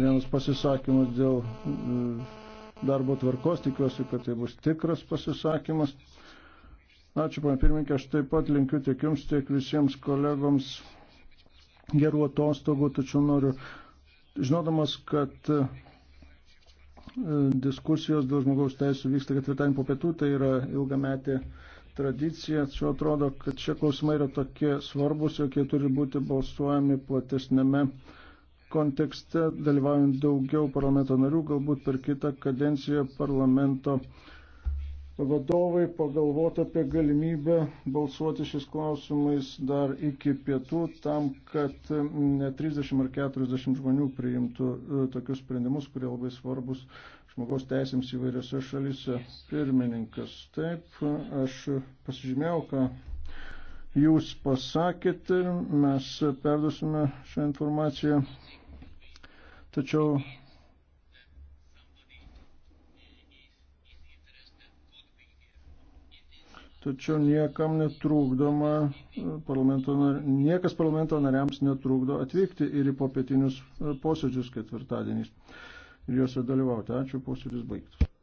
vienas pasisakymas dėl e, darbo tvarkos, tikiuosi, kad tai bus tikras pasisakymas. Ačiū, pana pirmininkė, aš taip pat linkiu tiek jums, tiek visiems kolegoms gerų atostogų, tačiau noriu, žinodamas, kad e, diskusijos dėl žmogaus teisų vyksta ketvirtadienį po pietų, tai yra ilgametė tradicija, tačiau atrodo, kad šie klausimai yra tokie svarbus, jog jie turi būti balsuojami platesnėme kontekste, dalyvaujant daugiau parlamento narių, galbūt per kitą kadenciją parlamento vadovai pagalvotų apie galimybę balsuoti šis klausimais dar iki pietų, tam, kad ne 30 ar 40 žmonių priimtų e, tokius sprendimus, kurie labai svarbus žmogaus teisėms įvairiose šalise. Pirmininkas, taip, aš pasižymėjau, ką jūs pasakėte, mes perdusime šią informaciją. Tačiau Tačiau niekam netrūkdoma, parlamento, niekas parlamento nariams netrūkdo atvykti ir į popietinius posėdžius ketvirtadieniais ir juose dalyvauti. Ačiū, posėdis baigtas.